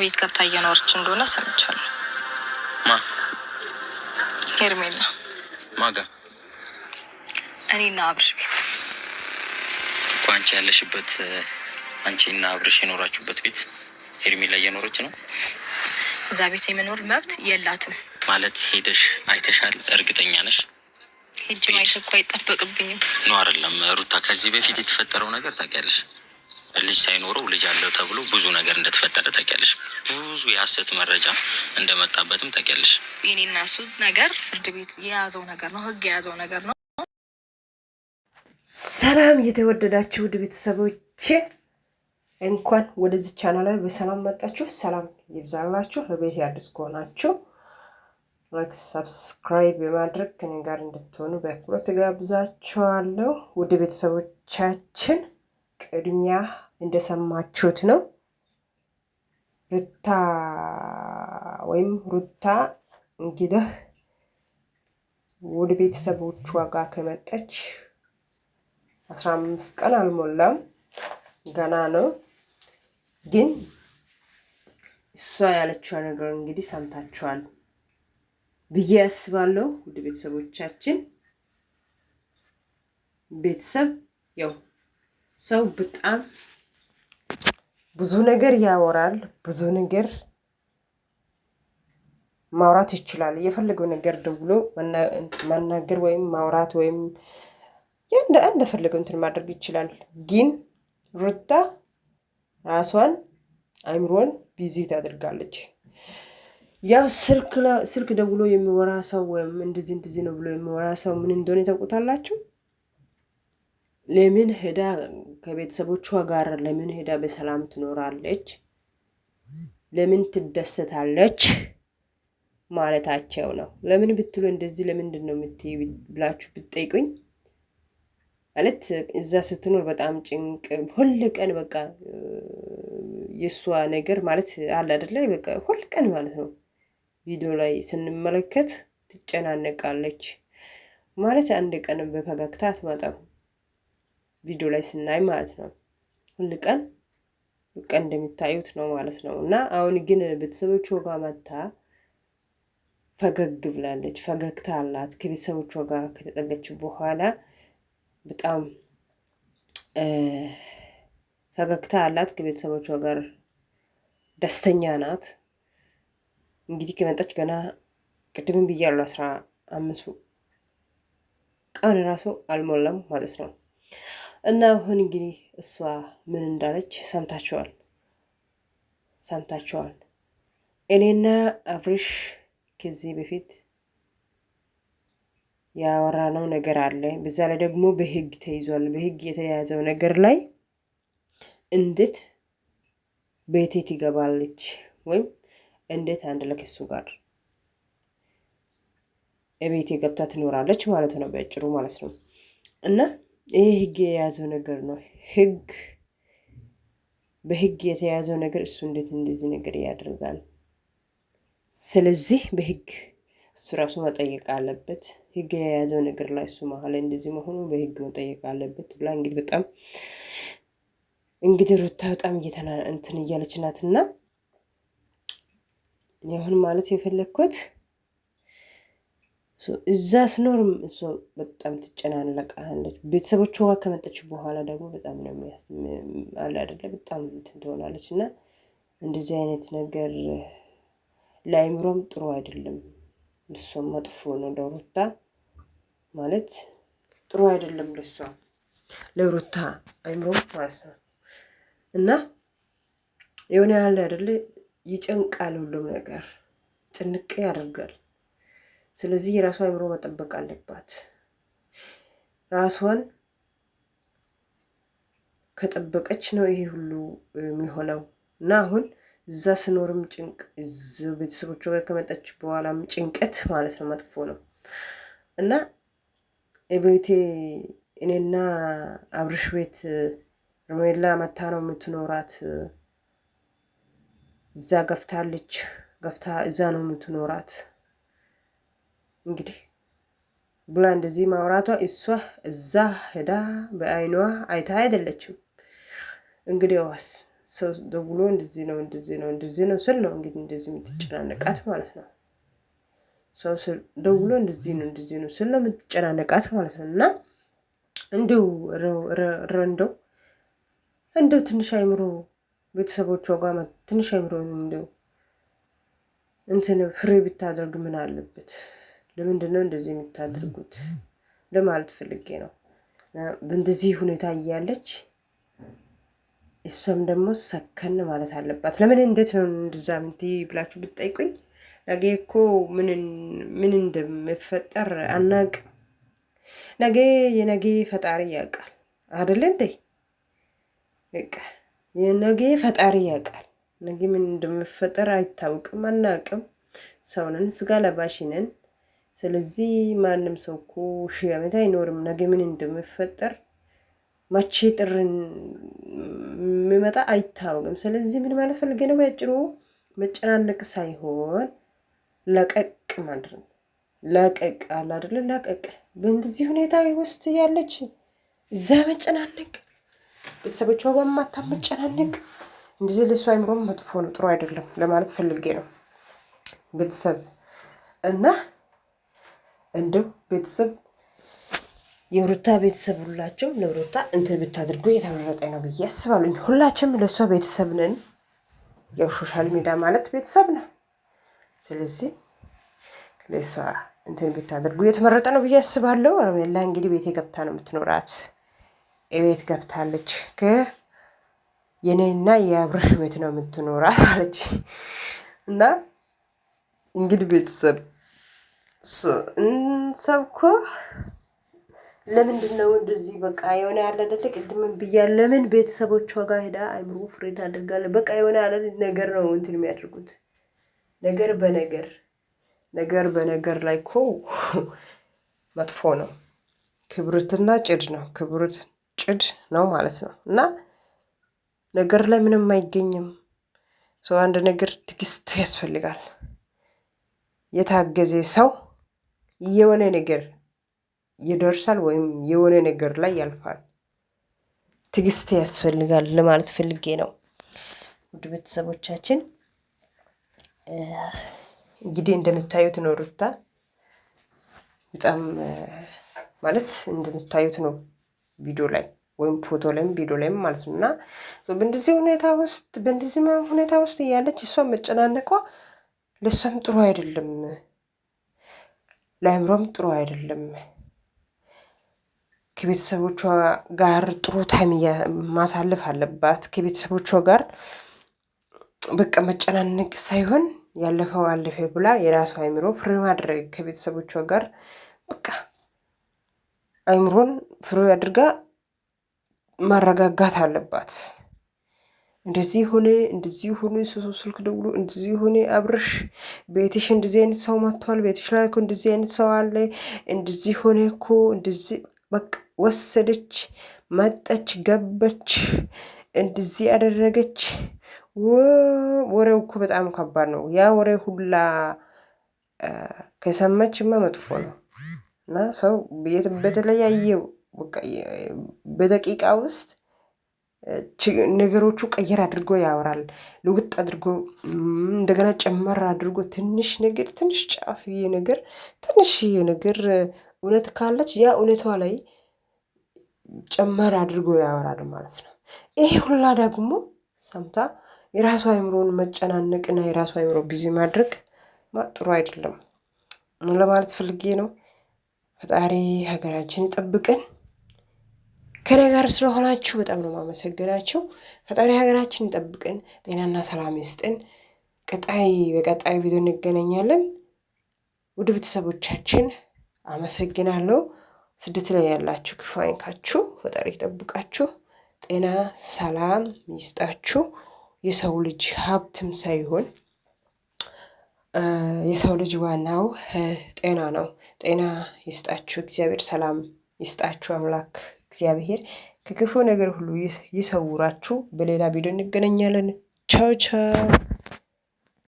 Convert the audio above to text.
ቤት ገብታ እየኖረች እንደሆነ ሰምቻለሁ። ማ ሄርሜላ ማጋ እኔና አብርሽ ቤት አንቺ ያለሽበት አንቺ እና አብርሽ የኖራችሁበት ቤት ሄርሜላ እየኖረች ነው። እዛ ቤት የመኖር መብት የላትም ማለት ሄደሽ አይተሻል? እርግጠኛ ነሽ? ሄጅ ማየት አይጠበቅብኝም ነው አይደለም ሩታ። ከዚህ በፊት የተፈጠረው ነገር ታውቂያለሽ። ልጅ ሳይኖረው ልጅ አለው ተብሎ ብዙ ነገር እንደተፈጠረ ታውቂያለሽ። ብዙ የሀሰት መረጃ እንደመጣበትም ታውቂያለሽ። የኔና እሱ ነገር ፍርድ ቤት የያዘው ነገር ነው፣ ህግ የያዘው ነገር ነው። ሰላም የተወደዳችሁ ውድ ቤተሰቦቼ እንኳን ወደዚህ ቻናል ላይ በሰላም መጣችሁ። ሰላም ይብዛላችሁ። ለቤት አዲስ ከሆናችሁ ላይክ፣ ሰብስክራይብ በማድረግ ከኔ ጋር እንድትሆኑ በአክብሮት ጋብዛችኋለሁ። ውድ ቤተሰቦቻችን ቅድሚያ እንደሰማችሁት ነው። ሩታ ወይም ሩታ እንግዲህ ወደ ቤተሰቦቿ ጋር ከመጣች አስራ አምስት ቀን አልሞላም፣ ገና ነው። ግን እሷ ያለችው ነገር እንግዲህ ሰምታችኋል ብዬ አስባለሁ። ወደ ቤተሰቦቻችን ቤተሰብ ያው ሰው በጣም ብዙ ነገር ያወራል። ብዙ ነገር ማውራት ይችላል። የፈለገው ነገር ደውሎ መናገር ወይም ማውራት ወይም እንደፈለገው እንትን ማድረግ ይችላል። ግን ሩታ ራሷን አይምሮን ቢዚ ታደርጋለች። ያው ስልክ ደውሎ የሚወራ ሰው ወይም እንደዚህ እንደዚህ ነው ብሎ የሚወራ ሰው ምን እንደሆነ ታውቁታላችሁ። ለምን ሄዳ ከቤተሰቦቿ ጋር ለምን ሄዳ በሰላም ትኖራለች? ለምን ትደሰታለች? ማለታቸው ነው። ለምን ብትሉ እንደዚህ ለምንድን ነው የምትይ ብላችሁ ብትጠይቁኝ ማለት እዛ ስትኖር በጣም ጭንቅ ሁል ቀን በቃ የእሷ ነገር ማለት አለ አይደለ? በቃ ሁል ቀን ማለት ነው ቪዲዮ ላይ ስንመለከት ትጨናነቃለች ማለት አንድ ቀን በፈገግታ አትመጣም። ቪዲዮ ላይ ስናይ ማለት ነው። ሁል ቀን ቀን እንደሚታዩት ነው ማለት ነው። እና አሁን ግን ቤተሰቦቿ ጋር መታ ፈገግ ብላለች። ፈገግታ አላት። ከቤተሰቦቿ ጋር ከተጠገች በኋላ በጣም ፈገግታ አላት። ከቤተሰቦቿ ጋር ደስተኛ ናት። እንግዲህ ከመጣች ገና ቅድምን ብያለሁ አስራ አምስት ቀን ራሱ አልሞላም ማለት ነው። እና አሁን እንግዲህ እሷ ምን እንዳለች ሰምታችኋል ሰምታችኋል። እኔና አብርሽ ከዚህ በፊት ያወራነው ነገር አለ። በዛ ላይ ደግሞ በህግ ተይዟል። በህግ የተያዘው ነገር ላይ እንዴት ቤቴ ትገባለች ወይም እንዴት አንድ ለከሱ ጋር ቤቴ ገብታ ትኖራለች ማለት ነው፣ በአጭሩ ማለት ነው እና ይህ ህግ የያዘው ነገር ነው። ህግ በህግ የተያዘው ነገር እሱ እንዴት እንደዚህ ነገር ያደርጋል? ስለዚህ በህግ እሱ ራሱ መጠየቅ አለበት። ህግ የያዘው ነገር ላይ እሱ መሀል እንደዚህ መሆኑ በህግ መጠየቅ አለበት ብላ እንግዲህ በጣም እንግዲህ ሩታ በጣም እየተና እንትን እያለች ናት አሁን ማለት የፈለግኩት እዛ ስኖርም እሷ በጣም ትጨናነቃለች። ዋ ከመጠች በኋላ ደግሞ በጣም ነው አለ አደለ በጣም ትሆናለች። እና እንደዚህ አይነት ነገር ለአይምሮም ጥሩ አይደለም። እሷም መጥፎ ነው ለሩታ ማለት ጥሩ አይደለም ለሷ ለሩታ አይምሮም ማለት ነው። እና የሆነ ያለ አደለ ይጨንቃል፣ ሁሉም ነገር ጭንቅ ያደርጋል። ስለዚህ የራሷ አይምሮ መጠበቅ አለባት። ራሷን ከጠበቀች ነው ይሄ ሁሉ የሚሆነው እና አሁን እዛ ስኖርም ጭንቅ ቤተሰቦቿ ጋር ከመጣች በኋላም ጭንቀት ማለት ነው መጥፎ ነው እና ቤቴ እኔና አብርሽ ቤት ሮሜላ መታ ነው የምትኖራት። እዛ ገፍታለች ገፍታ እዛ ነው የምትኖራት። እንግዲህ ብላ እንደዚህ ማውራቷ እሷ እዛ ሄዳ በአይኗ አይታ አይደለችም። እንግዲህ ዋስ ሰው ደውሎ እንደዚህ ነው እንደዚህ ነው እንደዚህ ነው ስል ነው እንግዲህ እንደዚህ የምትጨናነቃት ማለት ነው። ሰው ደውሎ እንደዚህ ነው እንደዚህ ነው ስል ነው የምትጨናነቃት ማለት ነው። እና እንዲሁ ረንደው እንደው ትንሽ አይምሮ ቤተሰቦቿ ጋር ትንሽ አይምሮ እንደው እንትን ፍሬ ብታደርግ ምን አለበት? ለምንድን ነው እንደዚህ የምታደርጉት ለማለት ፈልጌ ነው። በእንደዚህ ሁኔታ እያለች እሷም ደግሞ ሰከን ማለት አለባት። ለምን እንዴት ነው እንደዛ ምንት ብላችሁ ብትጠይቁኝ ነገ እኮ ምን እንደሚፈጠር አናቅ። ነገ የነገ ፈጣሪ ያውቃል አደለ እንዴ? የነገ ፈጣሪ ያውቃል። ነገ ምን እንደምፈጠር አይታወቅም፣ አናቅም። ሰውንን ስጋ ለባሽንን ስለዚህ ማንም ሰው እኮ ሺህ ዓመት አይኖርም። ነገ ምን እንደምፈጠር መቼ ጥርን የሚመጣ አይታወቅም። ስለዚህ ምን ማለት ፈልገ ነው? በአጭሩ መጨናነቅ ሳይሆን ለቀቅ ማድረግ ለቀቅ አለ አይደለ? ለቀቅ በእንደዚህ ሁኔታ ውስጥ ያለች እዛ መጨናነቅ ቤተሰቦቿ ጋር ማታ መጨናነቅ እንደዚህ ለሱ አይምሮም መጥፎ ነው፣ ጥሩ አይደለም ለማለት ፈልጌ ነው ቤተሰብ እና እንደው ቤተሰብ የሩታ ቤተሰብ ሁላቸው ለሩታ እንትን ብታደርጉ እየተመረጠ ነው ብዬ አስባለሁ። ሁላችንም ለእሷ ቤተሰብ ነን። ያው ሶሻል ሚዲያ ማለት ቤተሰብ ነው። ስለዚህ ለእሷ እንትን ብታደርጉ እየተመረጠ ነው ብዬ አስባለሁ። አረሜላ እንግዲህ ቤቴ ገብታ ነው የምትኖራት። ቤት ገብታለች። የኔና የአብርሽ ቤት ነው የምትኖራት አለች እና እንግዲህ ቤተሰብ እንሰብኮ ለምንድን ነው እንደዚህ በቃ የሆነ ያለ አይደለ? ቅድምን ብያለሁ። ለምን ቤተሰቦቿ ጋር ሄዳ አይምሮ ፍሬድ አድርጋለ በቃ የሆነ ያለ ነገር ነው እንትን የሚያደርጉት ነገር በነገር ነገር በነገር ላይ ኮ መጥፎ ነው። ክብርትና ጭድ ነው። ክብርት ጭድ ነው ማለት ነው። እና ነገር ላይ ምንም አይገኝም። ሰው አንድ ነገር ትግስት ያስፈልጋል። የታገዜ ሰው የሆነ ነገር ይደርሳል ወይም የሆነ ነገር ላይ ያልፋል። ትግስት ያስፈልጋል ለማለት ፈልጌ ነው። ውድ ቤተሰቦቻችን እንግዲህ እንደምታዩት ነው ሩታ በጣም ማለት እንደምታዩት ነው ቪዲዮ ላይ ወይም ፎቶ ላይም ቪዲዮ ላይም ማለት ነው እና በእንደዚህ ሁኔታ ውስጥ በእንደዚህ ሁኔታ ውስጥ እያለች እሷ መጨናነቋ ለእሷም ጥሩ አይደለም። ለአእምሮም ጥሩ አይደለም። ከቤተሰቦቿ ጋር ጥሩ ታይም ማሳለፍ አለባት። ከቤተሰቦቿ ጋር በቃ መጨናነቅ ሳይሆን ያለፈው አለፈ ብላ የራሷ አእምሮ ፍሪ ማድረግ ከቤተሰቦቿ ጋር በቃ አእምሮን ፍሪ አድርጋ ማረጋጋት አለባት። እንደዚህ ሆነ እንደዚህ ሆነ ስልክ ደውሎ እንደዚህ ሆነ አብርሽ ቤትሽ እንደዚህ አይነት ሰው መጥቷል፣ ቤትሽ ላይ እኮ እንደዚህ አይነት ሰው አለ፣ እንደዚህ ሆነ እኮ እንደዚህ በቃ ወሰደች፣ መጠች፣ ገበች፣ እንደዚህ አደረገች። ወሬው እኮ በጣም ከባድ ነው። ያ ወሬ ሁላ ከሰማችማ መጥፎ ነው እና ሰው በተለያየ በቃ በደቂቃ ውስጥ ነገሮቹ ቀየር አድርጎ ያወራል። ልውጥ አድርጎ እንደገና ጨመር አድርጎ ትንሽ ነገር ትንሽ ጫፍዬ ነገር ትንሽዬ ነገር እውነት ካለች ያ እውነቷ ላይ ጨመር አድርጎ ያወራል ማለት ነው። ይሄ ሁላ ደግሞ ሰምታ የራሱ አይምሮን መጨናነቅና የራሱ አይምሮ ቢዚ ማድረግ ጥሩ አይደለም ለማለት ፈልጌ ነው። ፈጣሪ ሀገራችን ይጠብቀን። ከኔ ጋር ስለሆናችሁ በጣም ነው ማመሰግናቸው። ፈጣሪ ሀገራችን ጠብቅን ጤናና ሰላም ይስጥን። ቀጣይ በቀጣይ ቪዲዮ እንገናኛለን። ውድ ቤተሰቦቻችን አመሰግናለሁ። ስደት ላይ ያላችሁ ክፉ አይንካችሁ፣ ፈጣሪ ጠብቃችሁ፣ ጤና ሰላም ይስጣችሁ። የሰው ልጅ ሀብትም ሳይሆን የሰው ልጅ ዋናው ጤና ነው። ጤና ይስጣችሁ፣ እግዚአብሔር ሰላም ይስጣችሁ አምላክ እግዚአብሔር ከክፉ ነገር ሁሉ ይሰውራችሁ። በሌላ ቪዲዮ እንገናኛለን። ቻው ቻው